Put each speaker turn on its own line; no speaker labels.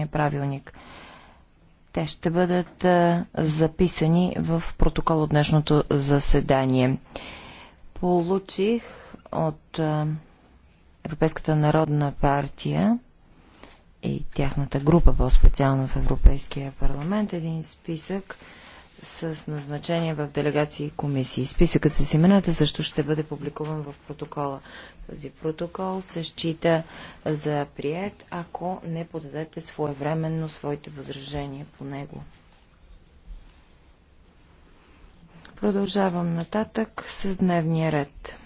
вътрешния правилник. Те ще бъдат записани в протокол от днешното заседание. Получих от Европейската народна партия и тяхната група по-специално в Европейския парламент един списък с назначение в делегации и комисии. Списъкът с имената също ще бъде публикуван в протокола. Този протокол се счита за прият, ако не подадете своевременно своите възражения по него. Продължавам нататък с дневния ред.